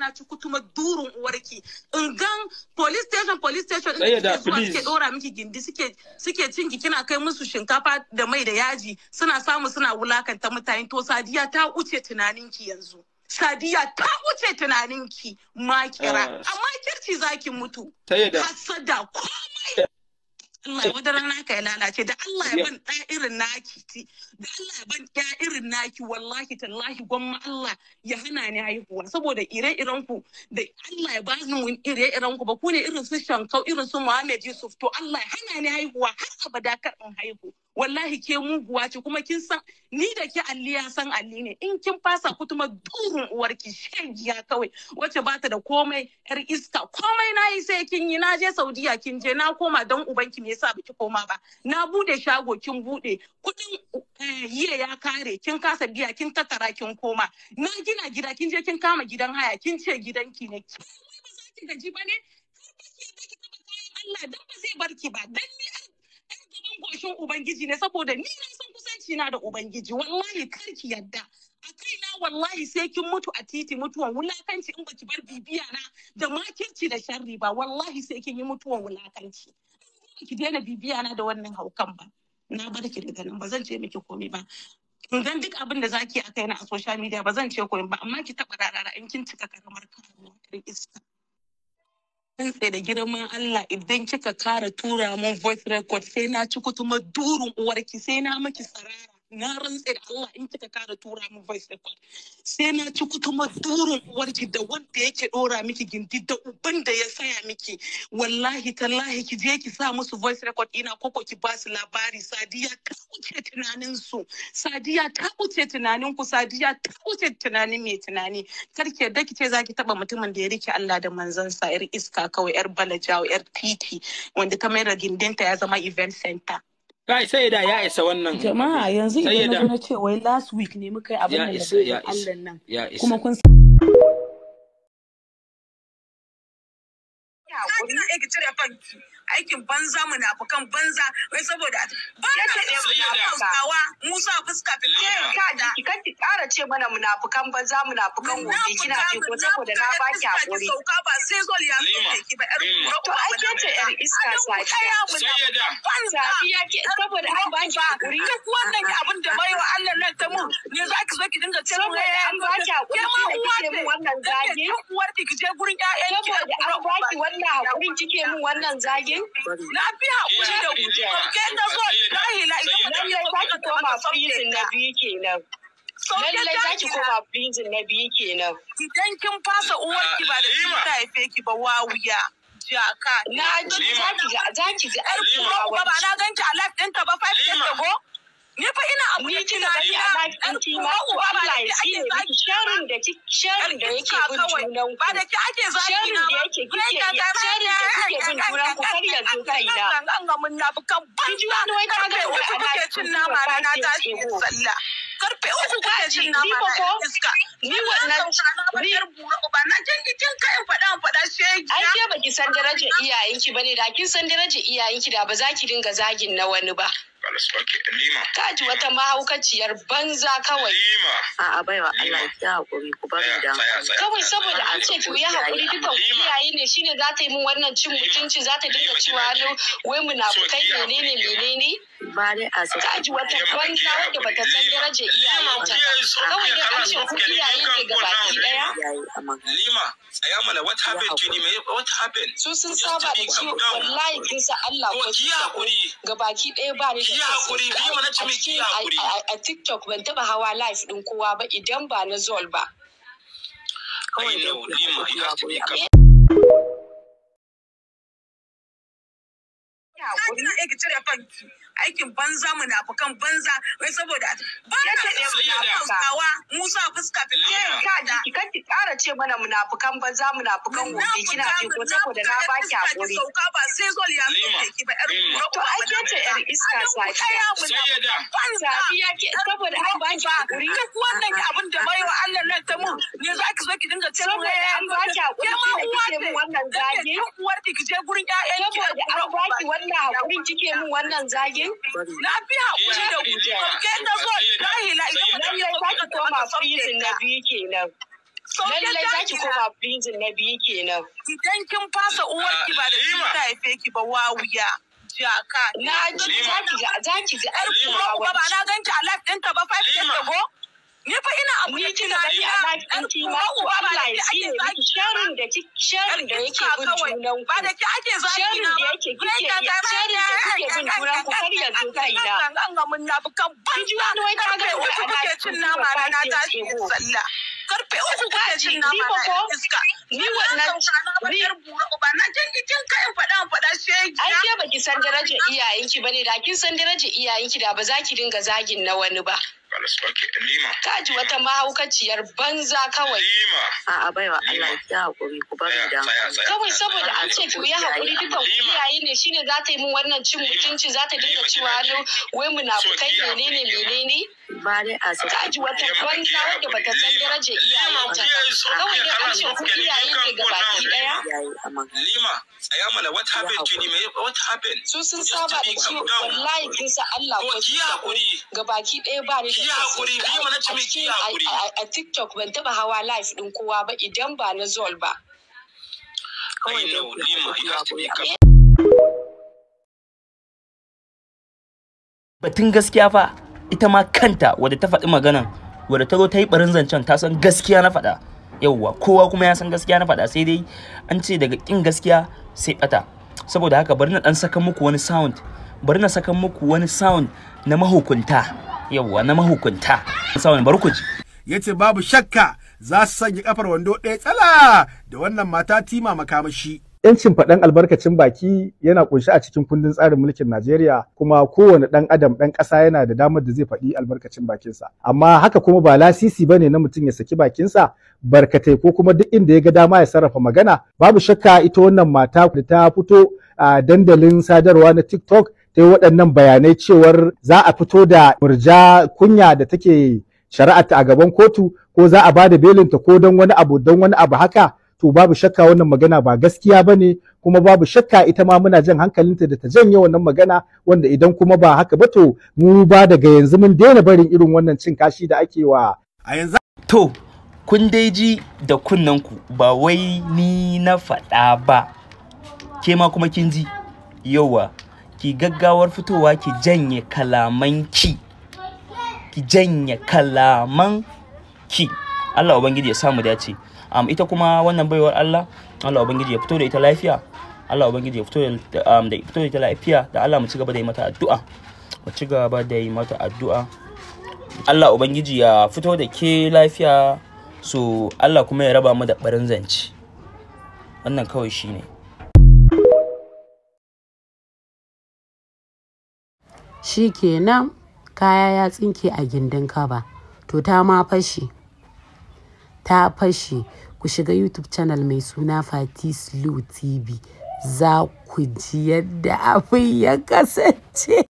na ci kutuma durun uwarki in gan police station police station in kike zuwa suke dora miki gindi suke suke cinki kina kai musu shinkafa da mai da yaji suna samu suna wulakanta mutane to sadiya ta wuce tunaninki yanzu sadiya ta wuce tunaninki makira ah. amma kirci zaki mutu hasada ko Allah ya rana naka ya lalace da Allah ya ban ɗaya irin naki ti da Allah ya ban ɗaya irin naki wallahi tallahi gwamma Allah ya hana ni haihuwa saboda ire-iren ku da Allah ya bani ire-iren ku ba ku ne irin su Shankau irin su Muhammad Yusuf to Allah ya hana ni haihuwa har abada kar in haihu wallahi ke muguwa ce kuma kin san ni da ke alli ya san alli ne in kin fasa kutuma duhun uwarki shan giya kawai wacce bata da komai yar iska komai na yi sai kin yi na je saudiya kin je na koma don ubanki me yasa baki koma ba na bude shago kin bude kudin yiye eh, ya kare kin kasa biya kin tattara kin koma na gina gida kin je kin kama gidan haya kin ce gidan ki ne ki ba za ki gaji ba ne kayan Allah dan ba zai barki ba dan ni alwashin ubangiji ne saboda ni na san kusanci na da ubangiji wallahi karki yadda a kaina wallahi sai kin mutu a titi mutuwan wulakanci in baki bar bibiya na da makirci da sharri ba wallahi sai kin yi mutuwan wulakanci ki daina bibiya na da wannan haukan ba na bar ki daga nan ba zan ce miki komai ba zan duk abin da zaki a na a social media ba zan ce komai ba amma ki taba rarara in kin cika karamar karuwa iska rantse da girman Allah idan kika kara tura mun voice record sai na ci kutuma durun uwarki sai na maki sarara na rantse da Allah in kika kara tura min voice record sai na ci kuma duro uwarki da wanda yake dora miki gindi da uban da ya saya miki wallahi tallahi ki je ki sa musu voice record ina koko ki ba su labari sadiya ta wuce tunanin su sadiya ta wuce tunanin ku sadiya ta wuce tunanin mai tunani karki yadda ki ce za ki taba mutumin da ya rike Allah da manzansa yar iska kawai yar balajau, yar titi wanda ta mai da gindinta ya zama event center kai sai da ya isa wannan jama'a yanzu idan na ce wai last week ne muka yi abin da ya Allah nan kuma kun kina iya ki cire fanki aikin banza mu banza wai saboda ba na musa fuska ta eh, ka ki ki kara ce mana munafukan banza munafukan gobe kina ji ko saboda na hakuri sauka ba ya ki ba yar to ai ce yar iska banza ke saboda hakuri ki dinga cin waya an ba ki hakuri da ke mu wannan zage uwar ki je gurin ƴaƴan ki saboda an ba ki wannan hakuri kike mu wannan zage na fi hakuri da ku ke da idan saki na biyu kenan lallai za ki koma prison na biyu kenan idan kin fasa uwar ki ba da kin ta haife ki ba wawuya jaka na ji za ki ga za ki ga ai kuma ba na ganki a life ɗinta ba 5 years ago Ni fa ina abu da kina ina dan kuma uba ba da ke ake zagi sharin da ki sharin da yake bin junan ba da ke ake zagi na ba sharin da yake kike sharin da kike bin junan ku kar ya zo kai na an ga mun nafi kan ban ji wani wai ka ga wani kuke cin nama na tashi sallah karfe uku kuke cin nama na iska ni wannan ni ba na jin kin kai faɗa faɗa shege ai ke baki san darajar iyayenki bane da kin san darajar iyayenki da ba za ki dinga zagin na wani ba Lima. ji wata mahaukaciyar banza kawai. Lima. A'a baiwa Allah ya haƙuri ku bari da. Kawai saboda an ce ku yi haƙuri dukan ku iyaye ne shine za ta yi min wannan cin mutunci za ta dinga cewa wai munafukai menene menene. bari a zai ka ji wata banza wadda bata san daraja ta, kawai da rashin ku iyaye ne ga baki daya lima tsaya mana what happened to me what happened su sun saba da ciwo wallahi kin Allah ko ki hakuri ga baki daya ba ni da ki hakuri lima na ce mi ki hakuri a TikTok ban taba hawa live din kowa ba idan ba na Zol ba kawai kina iya ki cire kanki aikin banza mu nafukan banza wai saboda ba na hausawa musa fuska ta da eh, ka ki kara ce mana munafukan banza munafukan gobe kina ji ko saboda na baki hakuri sauka ba sai zo lima to ai ke ce yar iska safiya sayyada safiya ke saboda an ba ki hakuri duk wannan abin da bai wa Allah nan ta mun ne za ki ki dinga ce mun ai an ba ki hakuri mun wannan zage gurin ƴaƴan ki saboda an ba ki wannan hakuri kike mun wannan zage na fi hakuri da ku kai na zo dahila idan mun yi saki koma prison na biyu kenan lallai za ki koma prison na biyu kenan. Idan kin fasa uwarki ba da kin ta haife ki ba wawuya. Jaka. Na ji za ki ga za ki ga kuma ba na ganki a life ɗinta ba 5 years ago. Ni fa ina abu da kina yi a life ɗinki ma ko Allah ya tsire miki sharin da ki sharin da yake bin junan ku. Ba da ki ake zaki na ba. da yake kike sharin da kike bin junan ku kar ya zo kaina. Kin ji wani wai ta ga wani ana cin nama na tashi sallah. karfe uku kaji, ji ni ko iska ni wannan ni ba na jin kin kai faɗa faɗa shege ai ke baki san darajar iyayenki bane da kin san darajar iyayenki da ba za ki dinga zagin na wani ba alasbaki lima ka ji wata mahaukaciyar banza kawai lima a'a baiwa Allah ya hakuri ku bari da kawai saboda an ce ku yi hakuri duka, ku iyaye ne shine za ta yi min wannan cin mutunci za ta dinga cewa no wai munafukai menene menene ba dai a ka ji wata banza wanda bata san darajar ta, kawai dai an ce ku iyaye ne gabaki daya lima tsaya mana what happened to me what happened su sun saba da ciwo wallahi kin sa Allah ko ki hakuri gabaki daya ba ni da yi hakuri bi hakuri a TikTok ban taba hawa live din kowa ba idan ba na Zol ba kawai ne batun gaskiya fa ita ma kanta wadda ta faɗi maganan wadda ta zo ta yi barin zancen ta san gaskiya na faɗa yauwa kowa kuma ya san gaskiya na faɗa sai dai an ce daga ƙin gaskiya sai ɓata saboda haka bari na ɗan saka muku wani sound bari na saka muku wani sound na mahukunta yawwa na mahukunta samun barkuji ya ce babu shakka za su sanya kafar wando ɗaya tsala da wannan mata tima makamashi yancin faɗan albarkacin baki yana kunshi a cikin kundin tsarin mulkin Najeriya kuma kowane ɗan adam ɗan ƙasa yana da damar da zai faɗi albarkacin bakinsa amma haka kuma ba lasisi ba ne na mutum ya saki bakinsa barkatai ko kuma duk inda ya ga dama ya sarrafa magana babu shakka ita wannan mata da ta fito a dandalin sadarwa na TikTok ta yi waɗannan bayanai cewar za a fito da murja kunya da take shari'ata a gaban kotu ko za a ba da belinta ko don wani abu don wani abu haka to babu shakka wannan magana ba gaskiya ba ne kuma babu shakka ita ma muna jan hankalinta da ta janye wannan magana wanda idan kuma ba haka ba to mu ba daga yanzu mun daina barin irin wannan cin kashi da ake wa a yanzu to kun dai ji da kunnanku ba wai ni na faɗa ba ke ma kuma kin ji yauwa ki gaggawar fitowa ki janye kalamanki ki janye kalamanki Allah ubangiji ya samu dace um, ita kuma wannan baiwar Allah Allah ubangiji ya fito da ita lafiya Allah ubangiji ya fito da um, da fito da ita lafiya da Allah mu ci gaba da yi mata addu'a mu ci gaba da yi mata addu'a Allah ubangiji ya fito da ke lafiya so Allah kuma ya raba mu da barin zance wannan kawai shine shi kenan kaya ya tsinke a gindin kaba to ta ma fashe ta fashe ku shiga youtube channel mai suna fati slow tv za ku ji yadda abin ya kasance